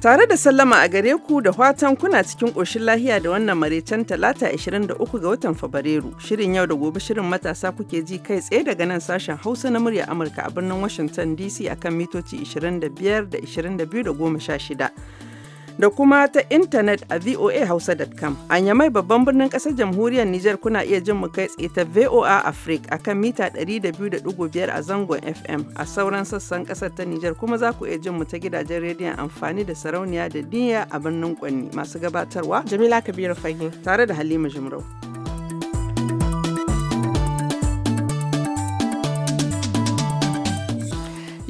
Tare da sallama a gare ku da watan kuna cikin ƙoshin lahiya da wannan maraicen talata 23 ga watan Fabrairu. Shirin yau da gobe shirin matasa kuke ji kai tsaye daga nan sashen Hausa na murya Amurka a birnin Washington DC akan mitoci 25 da 22 da 16. da kuma ta intanet a voahausa.com. A mai babban birnin ƙasar jamhuriyar Nijar kuna iya jin mu kai tsaye ta VOA Africa kan mita 200.5 a zangon FM a sauran sassan ƙasar ta Nijar kuma za ku iya jin mu ta gidajen rediyon amfani da sarauniya da diya a birnin Kwanni masu gabatarwa Jamila Kabiru Fahim tare da Halima Jumrau.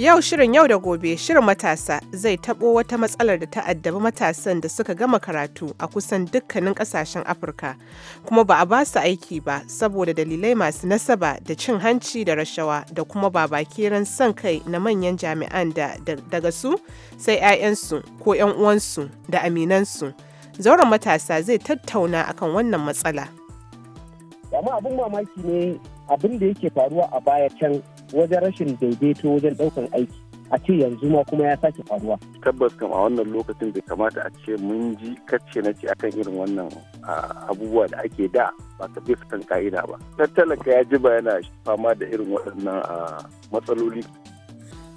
Yau shirin yau da gobe shirin matasa zai taɓo wata matsalar da ta addabi matasan da suka gama karatu a kusan dukkanin ƙasashen Afirka kuma ba a ba su aiki ba saboda dalilai masu nasaba da cin hanci da rashawa da kuma babakiran son kai na manyan jami'an da daga su sai 'ya'yansu ko 'yan uwansu da aminansu. Zauren matasa zai tattauna akan wannan matsala. abin mamaki ne abin da yake faruwa a baya can wajen rashin daidaito wajen ɗaukar aiki a ce yanzu ma kuma ya sake faruwa. Tabbas kam a wannan lokacin bai kamata a ce mun ji kacce na ce akan irin wannan abubuwa da ake da ba ka bi fitan ka'ida ba. Tattalaka ya ji ba yana fama da irin waɗannan matsaloli.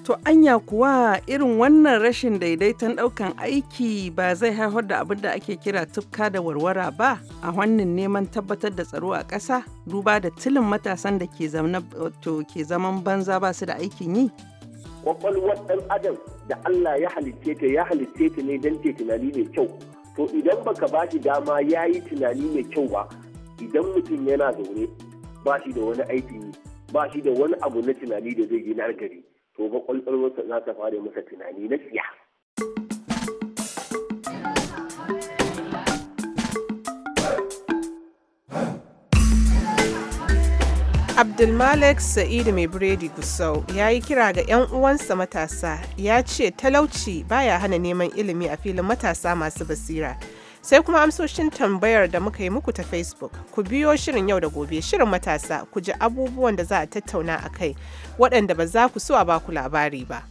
To anya kuwa irin wannan rashin daidaiton ɗaukan aiki ba zai haifar da abin da ake kira tufka da warwara ba a wannan neman tabbatar da tsaro a ƙasa duba da tilin matasan da ke zaman banza ba su da aikin yi. Kwakwalwar ɗan adam da Allah ya halitte ta ya halitte ta ne don tunani mai kyau. To idan baka ba shi dama ya yi tunani mai kyau ba idan mutum yana zaune ba shi da wani aikin yi ba shi da wani abu na tunani da zai yi na gari. to ba kwakwalwarsa za ta fara masa tunani na siya. Abdulmalik Sa'idu mai biredi Gusau ya yi kira ga 'yan uwansa matasa ya ce talauci baya hana neman ilimi a filin matasa masu basira. sai kuma amsoshin tambayar da muka yi muku ta facebook ku biyo shirin yau da gobe shirin matasa ku ji abubuwan da za a tattauna a kai waɗanda ba za ku so a ba ku labari ba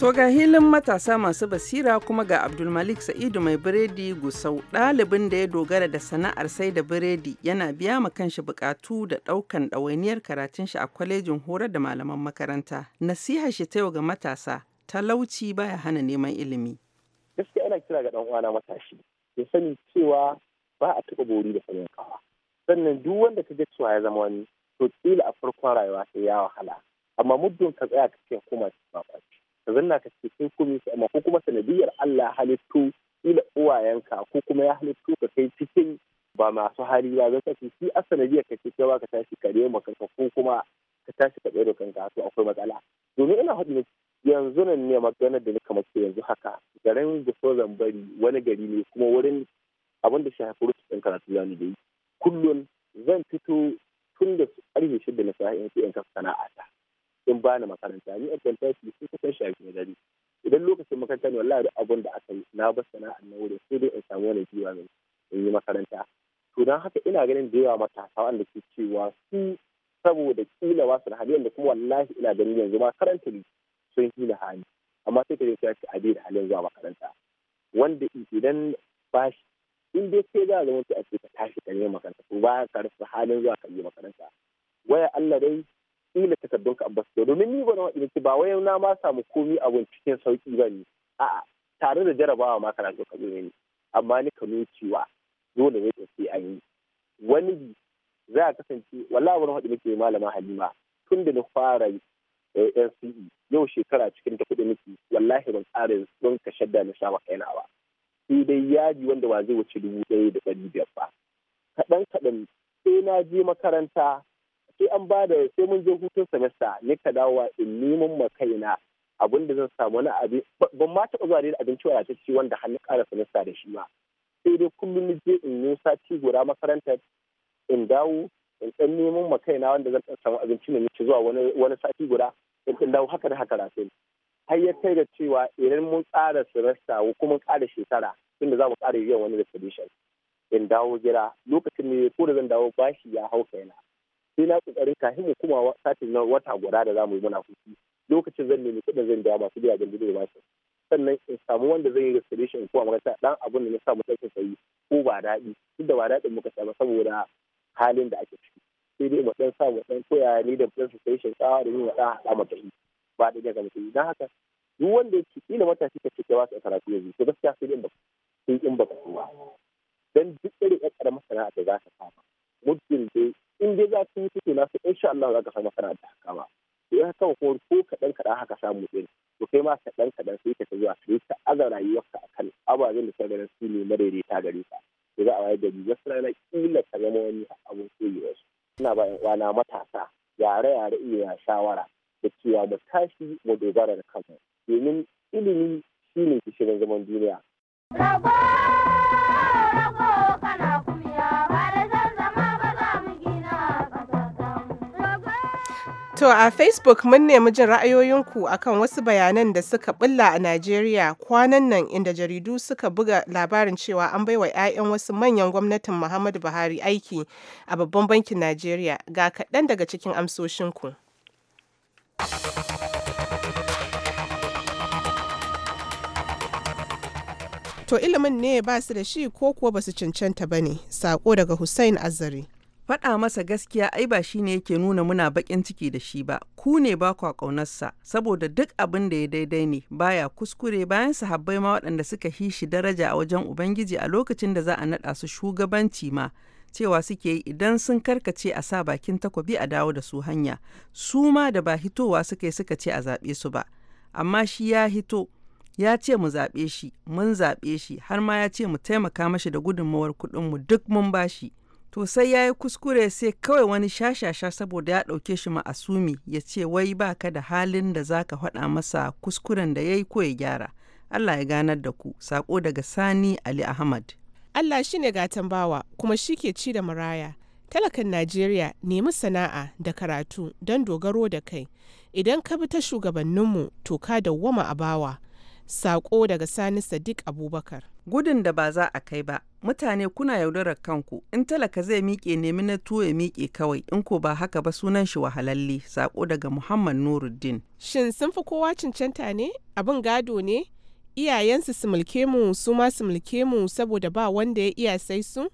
To ga hilin matasa masu basira kuma ga Abdulmalik Sa'idu mai biredi gusau ɗalibin da ya dogara da sana'ar sai da biredi yana biya ma kanshi bukatu da ɗaukan ɗawainiyar karatun shi a kwalejin horar da malaman makaranta. Nasiha shi ta yau ga matasa talauci baya hana neman ilimi. Gaskiya ana kira ga ɗan uwana matashi ya sani cewa ba a taɓa bori da sanin kawa. Sannan duk wanda ka ga cewa ya zama wani to kila a farkon rayuwa sai ya wahala amma muddin ka tsaya ka ce kuma ba kwaci. ka zanna ka ce kai kuma su amma ko kuma sanadiyar Allah halittu ila uwayenka ko kuma ya halittu ka kai cikin ba masu hali ba zan sace shi a sanadiyar ka ce kai ka tashi ka rema kanka ko kuma ka tashi ka tsere kanka to akwai matsala domin ina haɗu yanzu nan ne maganar da nika mace yanzu haka garin Gusau bari wani gari ne kuma wurin abin da shafi ɗan karatu da yi kullum zan fito tun da karfe shida na sa'a in sai in sana'a ta sun bani makaranta ni ɗan tafi sun kusan shafi na dare idan lokacin makaranta ne wallahi duk abun da aka yi na bar sana'a na wurin sai dai in samu wani jiwa mai in yi makaranta to don haka ina ganin da yawa matasa wanda ke cewa su saboda kila wasu da halin da kuma wallahi ina ganin yanzu ma karanta sun da hali amma sai ka je ka ce a da halin zuwa makaranta wanda idan ba shi in dai sai za a zama a ce ka tashi ka nemi makaranta ko ba ka rasa halin zuwa ka yi makaranta waya Allah dai kila takardun ka ba domin ni ba na waɗanda ba wai na ma samu komi abun cikin sauki ba ne a'a tare da jarabawa ma kana so ka zo ne amma ni ka cewa dole ne sai an yi wani za a kasance wallahi wani haɗu malama halima tun da na fara eh, NCE yau shekara cikin ta kuɗi miki wallahi ban tsara don ka shadda na sha maka ba sai dai yaji wanda ba zai wuce dubu ɗaya da ɗari biyar ba kaɗan kaɗan sai na je makaranta sai an ba da sai mun je hutun semester ne ka dawo wa in neman ma kaina abin da zan samu wani abin ban ma taɓa zuwa da abinci ci wanda hannu ƙara da shi ma sai dai kullum ni je in yi ci guda makarantar in dawo in ɗan neman ma kaina wanda zan samu abinci ne ci zuwa wani sati guda in ɗan dawo haka da haka rafin har ya kai da cewa idan mun ƙara semester ko mun ƙara shekara tunda za mu ƙara yi wani resolution in dawo gida lokacin ne ko da zan dawo bashi ya hau kaina sai na kokarin kafin mu kuma satin na wata guda da zamu yi muna hutu lokacin zan nemi kudin zan biya masu gindin da ba sannan in samu wanda zan yi restoration ko ta dan abun da na samu sai sayi ko ba daɗi duk da ba daɗin muka samu saboda halin da ake ciki sai dai mu dan samu dan koya ni da dan restoration tsawa da yin wada da mata yi ba da daga mutum dan haka duk wanda yake kila matashi shi take ba su karatu yanzu to gaskiya sai in ba sai in ba ba dan duk irin ƙaramar sana'a da za ka fara muddin dai in dai za su yi fito na in sha Allah za ka samu kana da haka ba to ya kawo ko ko kaɗan kaɗan haka samu ɗin to kai ma kaɗan kaɗan sai ka zuwa sai ka aza rayuwarka akan ababen da ka ganin su ne madaidaita gare ka to za a wayar da ni wasu rana kila ka zama wani abun koyi wasu ina ba wana matasa yare yare iya shawara da cewa mu tashi mu dogara da kanmu domin ilimi shine gishirin zaman duniya. Baba! To a Facebook mun nemi jin ra'ayoyinku akan wasu bayanan da suka bulla a Najeriya kwanan nan inda jaridu suka buga labarin cewa an baiwa 'ya'yan wasu manyan gwamnatin Muhammadu Buhari aiki a babban bankin Najeriya ga kaɗan daga cikin amsoshinku. To ilimin ne ba su da shi ko kuwa ba su cancanta ba ne, saƙo daga Hussein Azari. faɗa masa gaskiya ai ba shi ne yake nuna muna baƙin ciki da shi ba ku ne ba kwa ƙaunarsa saboda duk abin da ya daidai ne baya kuskure bayan sahabbai ma waɗanda suka hi shi daraja a wajen ubangiji a lokacin da za a naɗa su shugabanci ma cewa suke yi idan sun karkace a sa bakin takobi a dawo da su hanya su ma da ba hitowa suka yi suka ce a zaɓe su ba amma shi ya hito ya ce mu zaɓe shi mun zaɓe shi har ma ya ce mu taimaka mashi da gudunmawar kuɗinmu duk mun bashi. to sai ya yi kuskure sai kawai wani shashasha saboda ya ɗauke shi ma'asumi ya ce wai baka da halin da zaka faɗa masa kuskuren da ya yi ko ya gyara Allah ya ganar da ku sako daga sani Ali Ahmad Allah shi ne gatan bawa kuma shi ke ci da maraya talakan Najeriya nemi sana'a da karatu don dogaro da kai idan ka bi ta shugabanninmu to ka dawwama a bawa Sako daga Sani Sadiq Abubakar. Gudun da ba za a kai ba, mutane kuna yaudarar kanku, in talaka zai miƙe nemi na tuwo ya miƙe kawai, in ko ba haka ba sunan shi wahalalle, sako daga Muhammad Nuruddin. Shin sun fi kowa cancanta ne? Abin gado ne? Iyayensu su mulke mu, su ma su mulke mu saboda ba wanda ya iya sai su?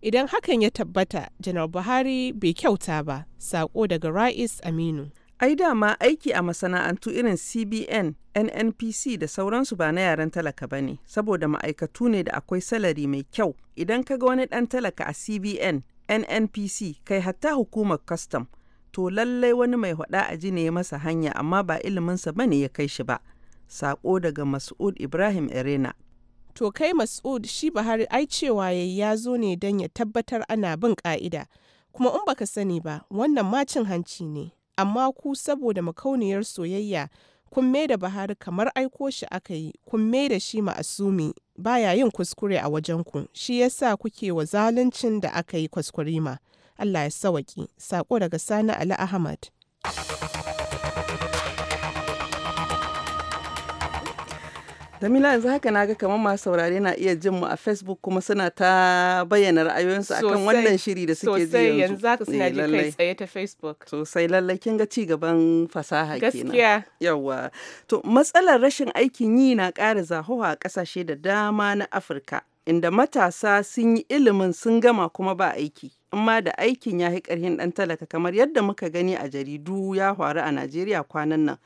Idan hakan ya tabbata, Janar Buhari bai kyauta ba, sako daga Ra'is Aminu. Ai dama aiki a masana'antu irin CBN nnpc da sauransu ba na yaren talaka ba ne saboda ma'aikatu ne da akwai salari mai kyau idan ka ga wani ɗan talaka a cbn nnpc kai hatta hukumar custom to lallai wani mai haɗa a ji ne ya masa hanya amma ba iliminsa ba ne ya kai shi ba sako daga mas'ud ibrahim irena. to kai mas'ud shi ba buhari ai cewa yayi ya zo ne don ya tabbatar ana bin ka'ida kuma in baka sani ba wannan macin hanci ne amma ku saboda makauniyar soyayya kun da Buhari kamar aiko shi aka yi, kun da shi ma'asumi baya yin kuskure a wajenku, shi ya sa kuke wa zaluncin da aka yi kuskure ma Allah ya sawaki, sako daga Sani Ali Ahmad. tamila yanzu haka na ga kamar masu saurare na iya jin mu a Facebook kuma suna ta bayyana ra'ayoyinsu akan wannan shiri da suke ji yanzu. Sosai yanzu haka suna eh, ji kai tsaye ta Facebook. Sosai lallai kin ga ci gaban fasaha kenan. Gaskiya. Yawwa. To matsalar rashin aikin yi na ƙara zahowa a ƙasashe da dama na Afirka. Inda matasa sun yi ilimin sun gama kuma ba aiki. amma da aikin ya yi ƙarhin ɗan talaka kamar yadda muka gani a jaridu ya faru a Najeriya kwanan nan.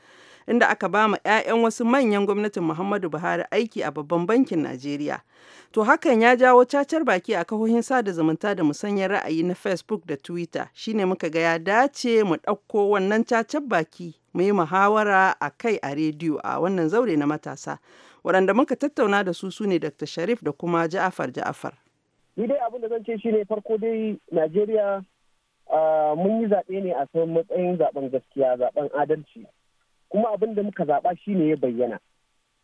inda aka ba ma 'ya'yan wasu manyan gwamnatin Muhammadu Buhari aiki a babban bankin Najeriya. To hakan ya jawo cacar baki a kahohin sada zumunta da musanyar ra'ayi na Facebook da Twitter. Shine muka ga ya dace mu ɗauko wannan cacar baki mu yi muhawara a kai a rediyo a wannan zaure na matasa. Waɗanda muka tattauna da su su ne Dr. Sharif da kuma Ja'afar Ja'afar. Ni dai abin da zan ce shine farko dai Najeriya ah, mun yi zaɓe ne a matsayin zaɓen gaskiya zaɓen adalci. kuma abin da muka zaɓa shine ya bayyana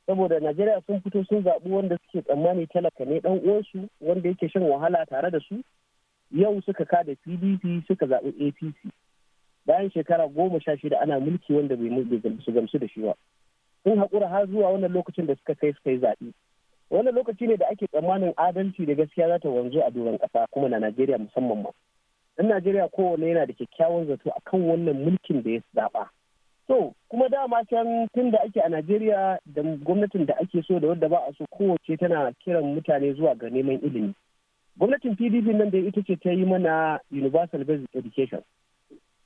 saboda najeriya sun fito sun zaɓi wanda suke tsammani talaka ne ɗan uwansu wanda yake shan wahala tare da su yau suka ka da pdp suka zaɓi apc bayan shekara goma sha shida ana mulki wanda bai su gamsu da shi ba sun haƙura har zuwa wannan lokacin da suka kai suka yi zaɓe wannan lokaci ne da ake tsammanin adalci da gaskiya za ta wanzu a doron ƙasa kuma na najeriya musamman ma ɗan najeriya kowane yana da kyakkyawan zato akan wannan mulkin da ya zaɓa so kuma dama can tun da ake a Najeriya da gwamnatin da ake so da wadda ba a so kowace tana kiran mutane zuwa ga neman ilimi. Gwamnatin PDP nan da ita ce ta yi mana Universal Basic Education,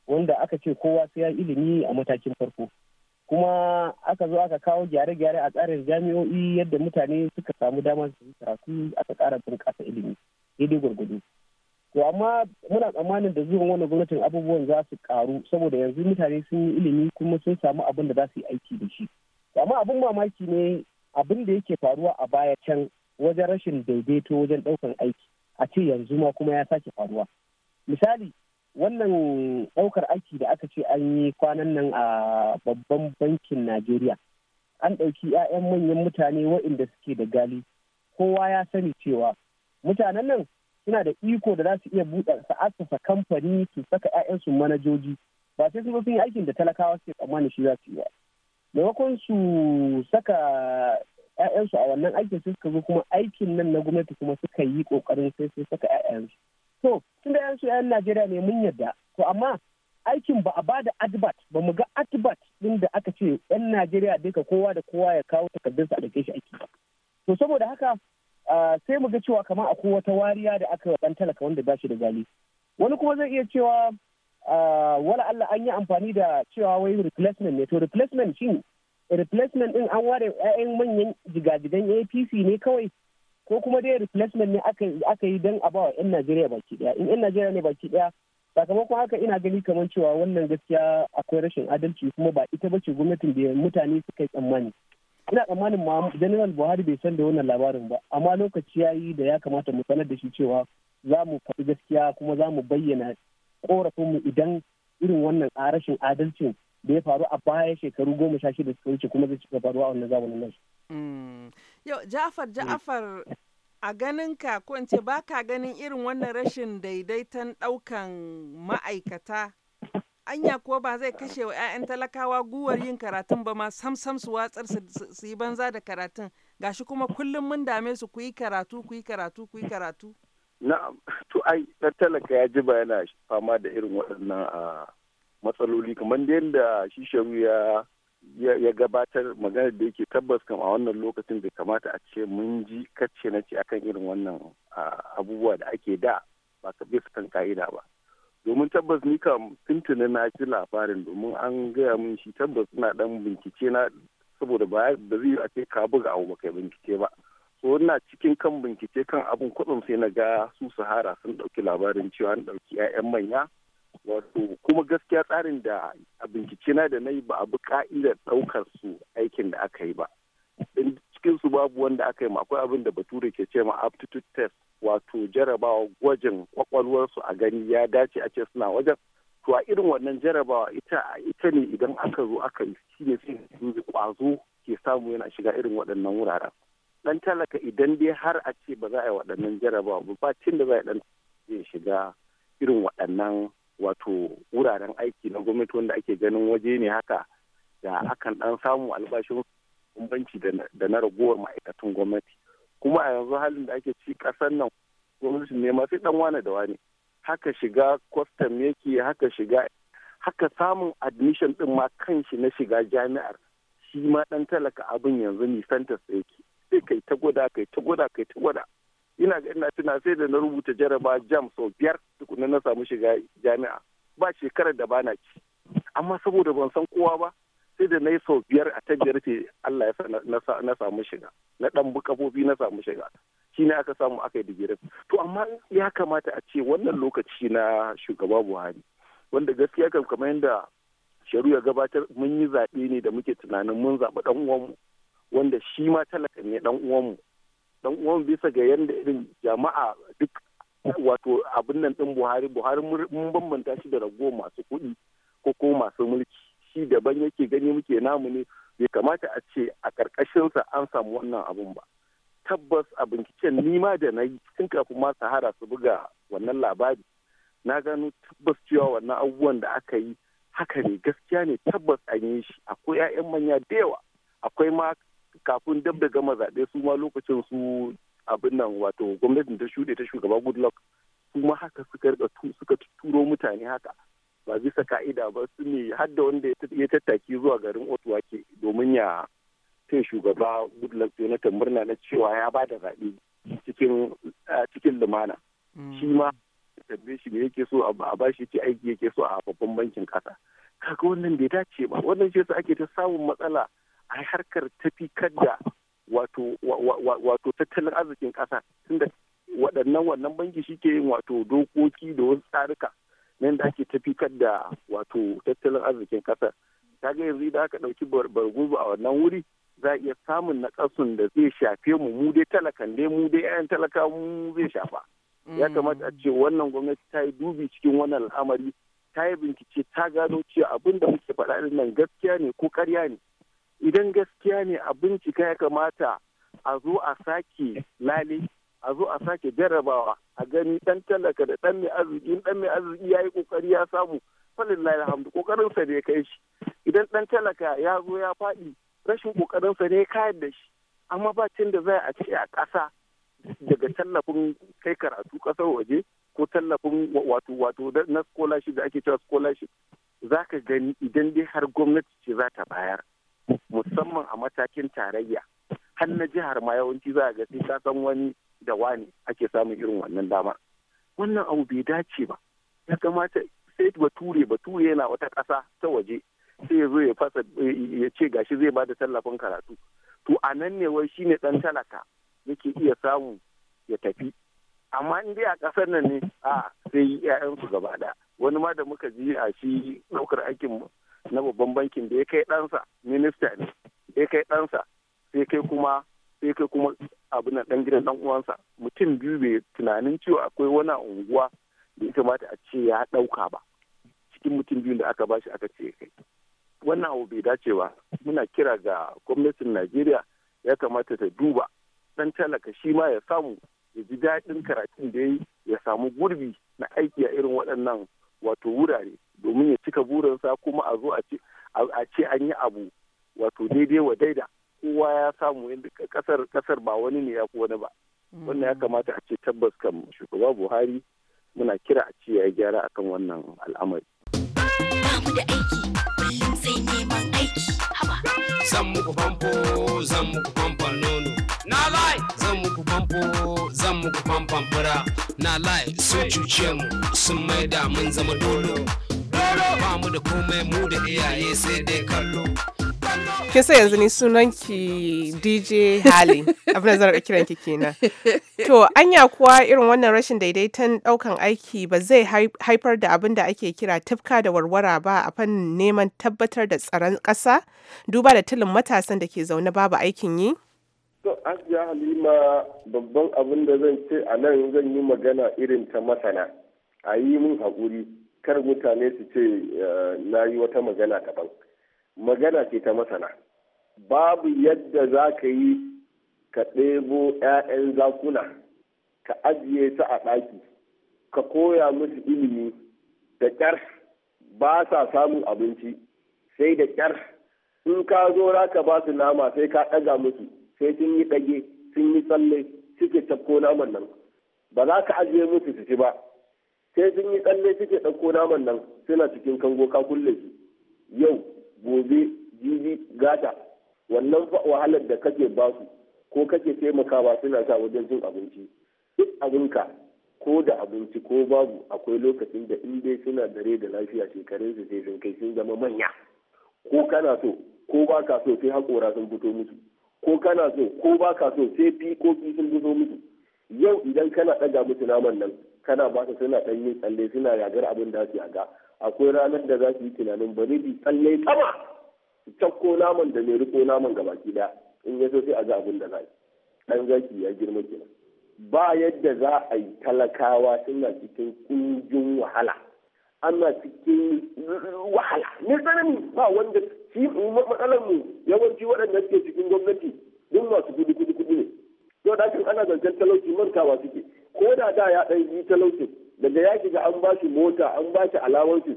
wanda aka ce kowa sai ya ilimi a matakin farko. Kuma aka zo aka kawo gyare-gyare a tsarin jami'o'i yadda mutane suka samu damar su karatu aka ƙara bunƙasa ilimi. Daidai gwargwado. to amma muna tsammanin da zuwan wannan gwamnatin abubuwan za su karu saboda yanzu mutane sun yi ilimi kuma sun samu abin da za su yi aiki da shi amma abin mamaki ne abin da yake faruwa a baya can wajen rashin daidaito wajen ɗaukan aiki a ce yanzu ma kuma ya sake faruwa misali wannan ɗaukar aiki da aka ce an yi kwanan nan a babban bankin najeriya an ɗauki 'ya'yan manyan mutane waɗanda suke da gali kowa ya sani cewa mutanen nan suna da iko da za su iya buɗe su asasa kamfani su saka 'ya'yansu manajoji ba sai sun yi aikin da talakawa suke tsammani shi za su yi ba maimakon su saka 'ya'yansu a wannan aikin sai suka zo kuma aikin nan na gwamnati kuma suka yi kokarin sai sun saka 'ya'yansu to tun da 'ya'yansu 'ya'yan najeriya ne mun yarda to amma aikin ba a bada adbat ba mu ga adbat din da aka ce 'yan najeriya duka kowa da kowa ya kawo takardunsa a ke shi aiki ba to saboda haka sai mu ga cewa kamar akwai wata wariya da aka dan talaka wanda ba shi da gali wani kuma zai iya cewa wala Allah an yi amfani da cewa wai replacement ne to replacement shin replacement din an ware ƴaƴan manyan jigajigan APC ne kawai ko kuma dai replacement ne aka yi don abawa 'yan Najeriya baki daya in 'yan Najeriya ne baki daya sakamakon haka ina gani kamar cewa wannan gaskiya akwai rashin adalci kuma ba ita bace gwamnatin da mutane suka yi tsammani ina tsammanin ma general buhari bai san da wannan labarin ba amma lokaci ya yi da ya kamata mu sanar da shi cewa za mu faɗi gaskiya kuma za mu bayyana korafinmu idan irin wannan rashin adalcin da ya faru a baya shekaru goma sha shida suka wuce kuma zai cika faruwa a wannan zamanin nan. Hmm. Yau Jafar Jafar a ganinka ko in ce ba ganin irin wannan rashin daidaiton ɗaukan ma'aikata anya kuwa ba zai kashe wa 'ya'yan talakawa guwar yin karatun ba ma sam sam su watsar su yi banza da karatun gashi kuma kullum mun dame su ku yi karatu ku yi karatu ku yi karatu na'am to ai talaka ya ji ba yana fama da irin waɗannan a matsaloli kamar yadda shi shawu ya ya gabatar maganar da yake tabbas kam a wannan lokacin da kamata a ce mun ji kacce na ce akan irin wannan abubuwa da ake da ba ka bisa kan ka'ida ba domin tabbas ni kam tuntuni na ci labarin domin an gaya min shi tabbas suna dan bincike na saboda ba da zai a ce ka buga abu baka bincike ba so ina cikin kan bincike kan abun kudin sai na ga su sahara sun dauki labarin cewa an dauki ƴaƴan manya wato kuma gaskiya tsarin da a bincike na da na yi ba a bi ka'idar ɗaukar su aikin da aka yi ba su babu wanda aka yi ma akwai abin da bature ke ce ma aptitude test wato jarabawa gwajin kwakwalwarsu a gani ya dace a ce suna wajen to a irin wannan jarabawa ita ita ne idan aka zo aka yi shi ne sai kwazo ke samu yana shiga irin waɗannan wuraren dan talaka idan dai har a ce ba za a yi waɗannan jarabawa ba bacin da za a dan zai shiga irin waɗannan wato wuraren aiki na gwamnati wanda ake ganin waje ne haka da akan dan samu albashin banki da na raguwar ma'aikatan gwamnati kuma a yanzu halin da ake ci kasar nan gwamnati ne masu dan wane da wane haka shiga kwastam yake haka shiga haka samun admission din ma kanshi na shiga jami'ar shi ma dan talaka abin yanzu nisanta sa yake sai kai ta gwada kai ta gwada kai ta gwada ina ga ina tuna sai da na rubuta jaraba jam sau biyar tukunan na samu shiga jami'a ba shekarar da bana ci amma saboda ban san kowa ba sai da na yi sau biyar a ta biyar ce Allah ya na samu shiga na dan bukabobi na samu shiga shi ne aka samu aka yi digirin to amma ya kamata a ce wannan lokaci na shugaba Buhari wanda gaskiya kam kamar yadda sharu ya gabatar mun yi zaɓe ne da muke tunanin mun zaɓi ɗan uwanmu wanda shi ma talaka ne dan uwanmu ɗan uwanmu bisa ga yadda irin jama'a duk wato abin nan ɗin Buhari Buhari mun bambanta shi da ragowar masu kuɗi ko ko masu mulki shi daban yake gani muke namu ne bai kamata a ce a ƙarƙashinsa an samu wannan abun ba tabbas a binciken nima da na yi tun kafin ma sahara su buga wannan labari na gano tabbas cewa wannan abubuwan da aka yi haka ne gaskiya ne tabbas an yi shi akwai 'ya'yan manya da yawa akwai ma kafin dab da gama zaɓe su ma lokacin su abin nan wato gwamnatin ta shuɗe ta shugaba goodluck su ma haka suka turo mutane haka ba bisa ka'ida ba su ne har wanda ya tattaki zuwa garin ke. domin ya ce shugaba goodluck jonathan murna na cewa ya ba da zaɓe cikin lumana mm. shi ma tambaye shi ne yake so a ba shi ce aiki yake so a babban bankin kasa kaga wannan bai dace ba wannan ce su ake ta samun matsala a harkar tafi kadda wato tattalin arzikin kasa tunda waɗannan wannan banki shi ke yin wato dokoki da wasu tsarika na da ake tafikar da wato tattalin arzikin kasar ta ga yanzu da aka ɗauki barguzu a wannan wuri za a iya samun nakasun da zai shafe mu mu dai talakan dai mu dai 'ya'yan talaka mu zai shafa ya mm. kamata a ce wannan gwamnati ta yi dubi cikin wannan al'amari ta yi bincike ta gano cewa abin da muke faɗa nan gaskiya ne ko ƙarya ne idan gaskiya ne a bincika ya kamata a zo a sake lale a zo a sake jarrabawa a gani dan talaka da dan mai arziki dan mai arziki yayi kokari ya samu falillahi alhamdu kokarin sa ne kai shi idan dan talaka ya zo ya faɗi rashin kokarin sa ne kayar da shi amma ba cin da zai a ce a kasa daga tallafin kai karatu ƙasar waje ko tallafin wato wato na scholarship da ake cewa scholarship za ka gani idan dai har gwamnati ce za ta bayar musamman a matakin tarayya har na jihar ma yawanci za a ga sai ka san wani da wani ake samun irin wannan dama wannan abu bai dace ba ya kamata sai bature bature yana wata ƙasa ta waje sai ya zo ya fasa ya ce gashi zai ba da tallafin karatu to a nan ne wai shine dan talaka yake iya samu ya tafi amma in dai a ƙasar nan ne a sai ƴaƴansu gaba ɗaya wani ma da muka ji a shi ɗaukar aikin na babban bankin da ya kai ɗansa minista ne ya kai ɗansa sai kai kuma sai kai kuma abu na dan gidan dan uwansa mutum biyu bai tunanin cewa akwai wani unguwa da ya kamata a ce ya dauka ba cikin mutum biyu da aka bashi aka ce kai wannan abu bai dace ba muna kira ga gwamnatin Najeriya ya kamata ta duba dan talaka shi ma ya samu ya ji daɗin karatun da ya ya samu gurbi na aiki a irin waɗannan wato wurare domin ya cika burinsa kuma a zo a ce an yi abu wato daidai wa daida kowa ya samu inda kasar kasar ba wani ne ya wani ba mm. wannan ya kamata a ce tabbas kan shugaba buhari muna kira a ce ya gyara akan wannan al'amari da aiki sai zan muku famfo zan muku famfon nono na lai zan muku famfo zan muku famfon fura na lai sun cuce mu sun maida mun zama dolo dolo ba mu da komai mu da iyaye sai dai kallo ke yanzu ni sunanki DJ Hali abin da zan kiran ki kenan to anya kuwa irin wannan rashin daidaiton daukan aiki ba zai haifar da abin da ake kira tafka da warwara ba a fannin neman tabbatar da tsaron ƙasa duba da tilin matasan da ke zaune babu aikin yi To Asiya Halima babban abin da zan ce a nan zan yi magana irin ta masana a yi mun haƙuri kar mutane su ce eh, na yi wata magana kaɗan. magana ce ta masana babu yadda za ka yi ka ɗebo 'ya'yan zakuna ka ajiye su a ɗaki ka koya musu ilimi da ƙyar ba sa samun abinci sai da ƙyar in ka zo raka ba su nama sai ka ɗaga musu sai sun yi ɗage sun yi tsalle suke tafko naman nan ba za ka ajiye musu su ci ba sai sun yi tsalle suke ɗauko naman nan suna cikin kango ka kulle su yau gobe jibi gata wannan wahalar da kake basu ko kake taimakawa suna sa wajen cin abinci duk abinka ko da abinci ko babu akwai lokacin da in dai suna dare da lafiya shekarun su sai sun kai sun zama manya ko kana so ko ba ka so sai haƙora sun fito musu ko kana so ko ba ka so sai ko fi sun fito musu yau idan kana ɗaga musu naman nan kana ba su suna ɗan yin tsalle suna yagar abin da su yaga akwai ranar da za su yi tunanin bari bi tsalle sama su cakko naman da mai riko naman ga baki da in ya a ga abin da za yi dan zaki ya girma kenan ba yadda za a yi talakawa suna cikin kungin wahala ana cikin wahala ne tsanani ba wanda shi matsalar mu yawanci waɗanda suke cikin gwamnati duk masu kudi kudi kudi ne yau da ana zancen talauci mantawa suke ko da da ya ɗan yi talaucin daga ya shiga an ba shi mota an shi alawansu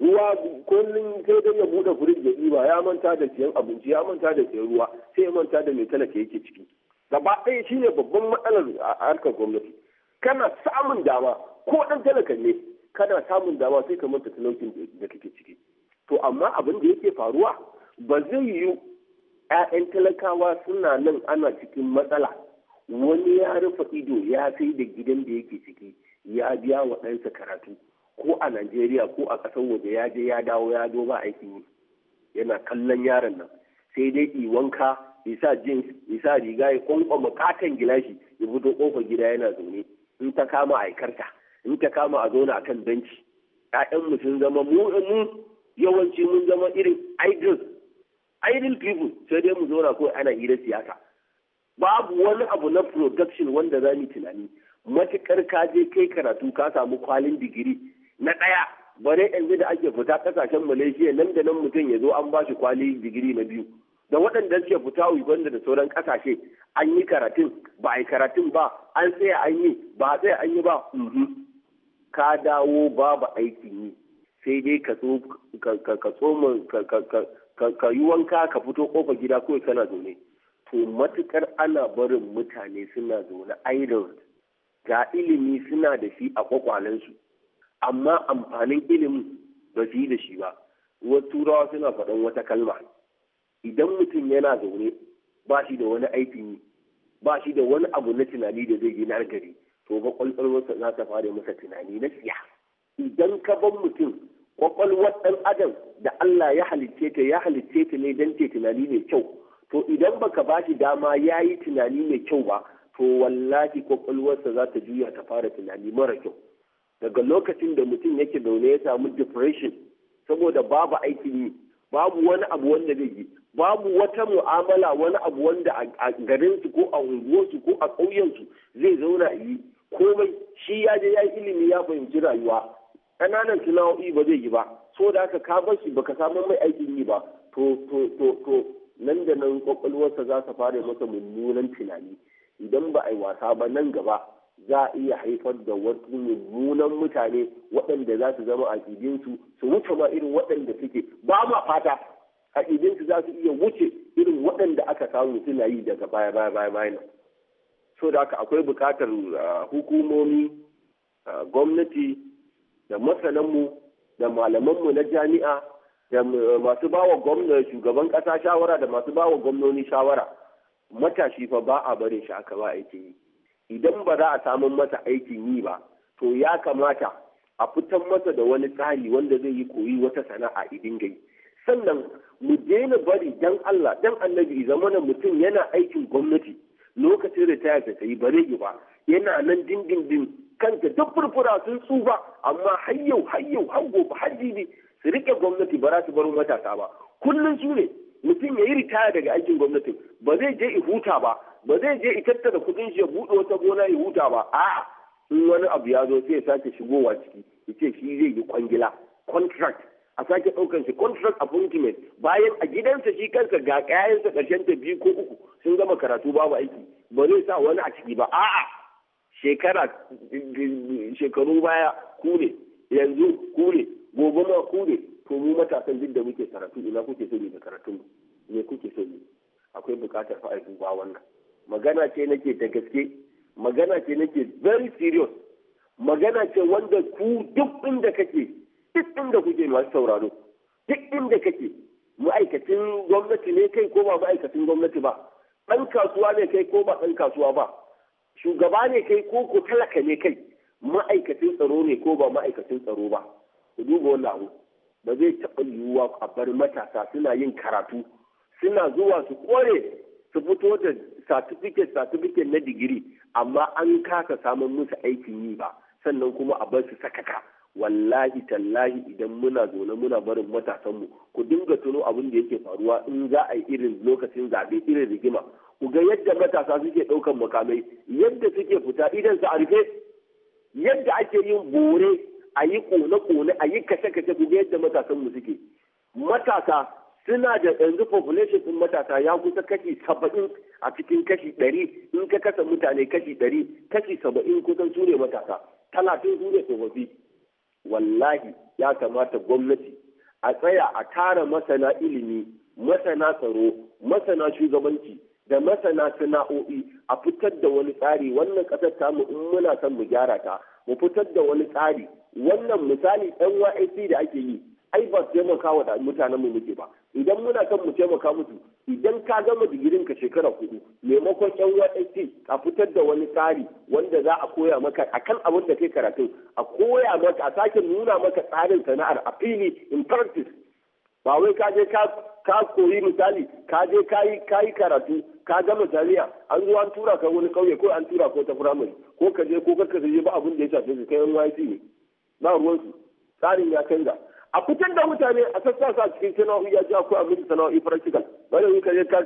ruwa kullum sai dai ya buɗe firij ya ɗiba ya manta da siyan abinci ya manta da siyan ruwa sai ya manta da mai talaka yake ciki gaba ɗaya shine babban matsalar a harkar gwamnati kana samun dama ko ɗan talaka ne kana samun dama sai ka manta talaucin da kake ciki to amma abin da yake faruwa ba zai yiwu ƴaƴan talakawa suna nan ana cikin matsala wani ya rufe ido ya sai da gidan da yake ciki ya biya wa ɗansa karatu ko a najeriya ko a ƙasar waje ya je ya dawo ya zo ba aiki yana kallon yaron nan sai dai i wanka ya sa jeans ya sa riga ya kwankwama katon gilashi ya fito kofar gida yana zaune in ta kama aikarta in ta kama a zauna akan benci mu sun zama mu yawanci mun zama irin idle people sai dai mu zauna kawai ana hira siyasa babu wani abu na production wanda za mu tunani matukar ka je kai karatu ka samu kwalin digiri na ɗaya bare yanzu da ake fita kasashen malaysia nan da nan mutum ya zo an ba shi kwali digiri na biyu da waɗanda suke fita uganda da sauran kasashe an yi karatun ba a yi karatun ba an tsaya an yi ba a tsaya an yi ba ka dawo babu aikin yi sai dai ka so ka yi wanka ka fito kofa gida kawai kana zaune to matukar ana barin mutane suna zaune idle ga ilimi suna da shi a kwakwalensu amma amfanin ilimin ba su yi da shi ba wasu turawa suna faɗan wata kalma idan mutum yana zaune ba shi da wani aikin yi ba shi da wani abu na tunani da zai gina gari to ga kwakwalwarsa za ta fara masa tunani na siya idan ka ban mutum kwakwalwar ɗan adam da Allah ya halicce ta ya halicce ta ne don ce tunani mai kyau to idan baka ba shi dama ya yi tunani mai kyau ba to wallahi kwakwalwarsa za ta juya ta fara tunani mara kyau daga lokacin da mutum yake zaune ya samu depression saboda babu aikin yi babu wani abu wanda zai yi babu wata mu'amala wani abu wanda a garinsu ko a unguwarsu ko a ƙauyensu zai zauna yi komai shi ya je ya ilimi ya fahimci rayuwa ƙananan sana'o'i ba zai yi ba so da haka ka shi baka samu mai aikin yi ba to to to to nan da nan kwakwalwarsa za ta fara masa mummunan tunani idan ba a yi wasa ba nan gaba za a iya haifar da wasu mummunan mutane waɗanda za su zama aƙidinsu su wuce ma irin waɗanda suke ba ma fata su za su iya wuce irin waɗanda aka samu suna yi daga baya baya baya baya nan so da haka akwai buƙatar ah, hukumomi ah, gwamnati da masananmu da malamanmu na jami'a da ah, masu bawa gwamnati shugaban ƙasa shawara da masu bawa gwamnoni shawara matashi fa ba a barin shi aka ba aikin yi idan ba za a samun masa aikin yi ba to ya kamata a fitar masa da wani tsari wanda zai yi koyi wata sana'a idin gai sannan mu daina bari dan Allah dan annabi zamanin mutum yana aikin gwamnati lokacin ritaya ta yi bare ba yana nan dindindin kanta duk furfura sun tsufa amma har yau har yau har gobe har jibi su rike gwamnati ba za su bar matasa ba kullum su ne mutum ya yi ritaya daga aikin gwamnati. ba zai je i huta ba ba zai je i tattara kudin shi ya buɗe wata gona ya huta ba a'a in wani abu ya zo sai ya sake shigowa ciki ya ce shi zai yi kwangila contract a sake ɗaukan shi contract appointment bayan a gidansa shi kansa ga kayansa ƙarshen ta biyu ko uku sun gama karatu babu aiki ba zai sa wani a ciki ba a'a shekara shekaru baya kure yanzu kure gobe ma kure to mu matasan duk da muke karatu ina kuke so ne da karatun me kuke so ne akwai bukatar fa ai duba wannan magana ce nake da gaske magana ce nake very serious magana ce wanda ku duk inda kake duk inda kuke masu sauraro duk inda kake ma'aikacin gwamnati ne kai ko ba ma'aikacin gwamnati ba ɗan kasuwa ne kai ko ba ɗan kasuwa ba shugaba ne kai ko ko talaka ne kai ma'aikacin tsaro ne ko ba ma'aikacin tsaro ba ku duba wannan abu ba zai taɓa yiwuwa a bar matasa suna yin karatu suna zuwa su kore su fito da certificate certificate na digiri amma an kasa samun musu aikin yi ba sannan kuma a bar su sakaka wallahi tallahi idan muna zaune muna barin matasanmu ku dinga tuno abin da yake faruwa in za a yi irin lokacin zaɓe irin rigima ku ga yadda matasa suke ɗaukan makamai yadda suke fita idan su a rufe yadda ake yin bore a yi kone-kone a yi kashe-kashe ku ga yadda matasanmu suke matasa suna da yanzu population din matasa ya kusa kashi saba'in a cikin kashi ɗari in ka kasa mutane kashi ɗari kashi saba'in kusan su ne matasa talatin su ne tsofaffi wallahi ya kamata gwamnati a tsaya a tara masana ilimi masana tsaro masana shugabanci da masana sana'o'i a fitar da wani tsari wannan ƙasar tamu in muna son mu gyara ta mu fitar da wani tsari wannan misali ɗan nysc da ake yi ai ba su taimaka wa mu muke ba idan muna kan mu taimaka musu idan ka gama digirin ka shekara hudu maimakon yan waɗansu a fitar da wani tsari wanda za a koya maka akan abin da kai karatun a koya maka a sake nuna maka tsarin sana'ar a fili in practice ba wai ka je ka koyi misali ka je ka yi karatu ka gama jami'a an zo an tura ka wani kauye ko an tura ko ta firamare ko ka je ko karka je ba abin da ya shafe su kai yan ne ba ruwansu tsarin ya canza a fitar da mutane a sa cikin sana'o'i ya ji akwai abin sana'o'i practical bane yi ka je ka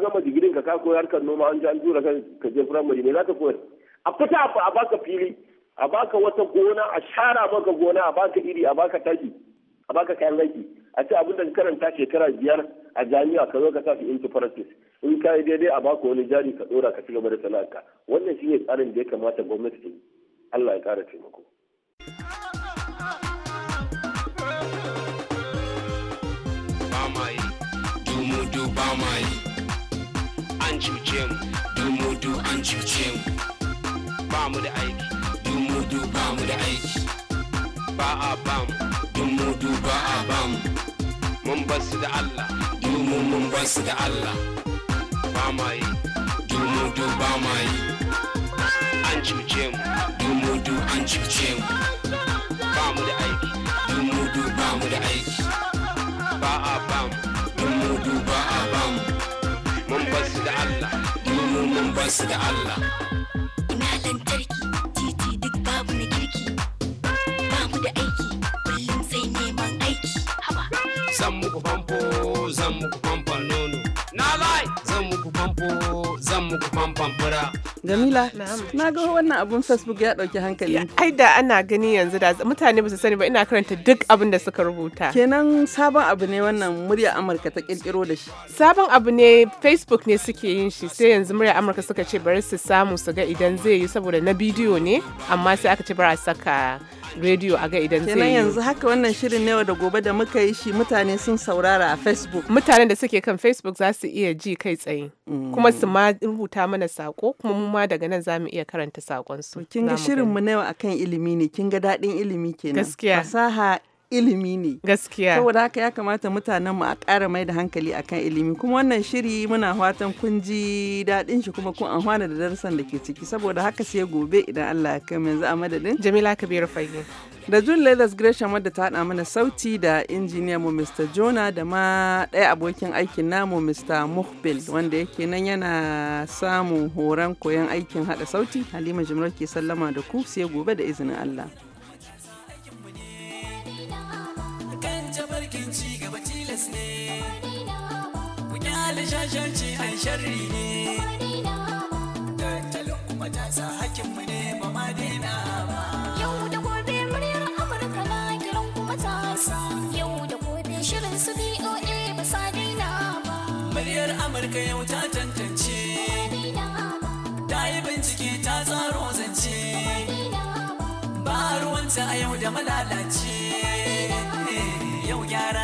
gama digirin ka ka koyi harkar noma an ji an tura ka je firamare ne za ka koyar a fita a baka fili a baka wata gona a shara baka gona a baka iri a baka taki a baka kayan aiki a ce abin da karanta shekara biyar a jami'a ka zo ka sa su into practice in ka yi daidai a baka wani jari ka dora ka ci gaba da sana'arka wannan shine tsarin da ya kamata gwamnati ta yi Allah ya kara taimako cuce mu an cuce mu ba mu da aiki ba mu da aiki ba a ba mu dumudu ba a ba mu mun su da Allah mun su da Allah ba ma yi ba ma yi an cuce mu dumudu an cuce mu ba mu da aiki ba mu da aiki ba a ba mu da Allah mun su da Allah ina lantarki titi duk babu na kirki ba mu da aiki kullum sai neman aiki haba zan muku famfo zan muku famfo nono na lai zan muku famfo muku famfan fura. Jamila, na ga wannan abun Facebook ya ɗauki hankali. Ai da ana gani yanzu da mutane ba su sani ba ina karanta duk abin da suka rubuta. Kenan sabon abu ne wannan murya Amurka ta kirkiro da shi. Sabon abu ne Facebook ne suke yin shi sai yanzu murya Amurka suka ce bari su samu su ga idan zai yi saboda na bidiyo ne amma sai aka ce bara saka rediyo a ga idan zai yi yanzu haka wannan shirin ne da gobe da muka yi shi mutane sun saurara a facebook mutanen da suke kan facebook za su iya ji kai tsaye mm. kuma su ma rubuta mana sako kuma mu ma daga nan za mu iya karanta sakon su kin ga shirin mu na akan ilimi ne kin ga daɗin ilimi kenan gaskiya fasaha ilimi ne gaskiya saboda haka ya kamata mutanen mu a ƙara mai da hankali akan ilimi kuma wannan shiri muna fatan kun ji daɗin shi kuma kun amfana da darasan da ke ciki saboda haka sai gobe idan Allah ya kai yanzu a madadin Jamila Kabiru Fage da Jun Leathers Gresham wadda ta haɗa mana sauti da injiniya mu Mr. Jona da ma ɗaya abokin aikin namu Mr. Muhbil wanda yake nan yana samun horon koyon aikin haɗa sauti Halima Jimrar ke sallama da ku sai gobe da izinin Allah. shashanci ai sharri ne tattalin kuma ta sa hakinmu ne ba ma daina ba yau da gobe muryar amurka na kiran kuma ta sa yau da gobe shirin su boa ba sa daina ba muryar amurka yau ta tantance ta yi bincike ta tsaro zance ba ruwanta a yau da malalace.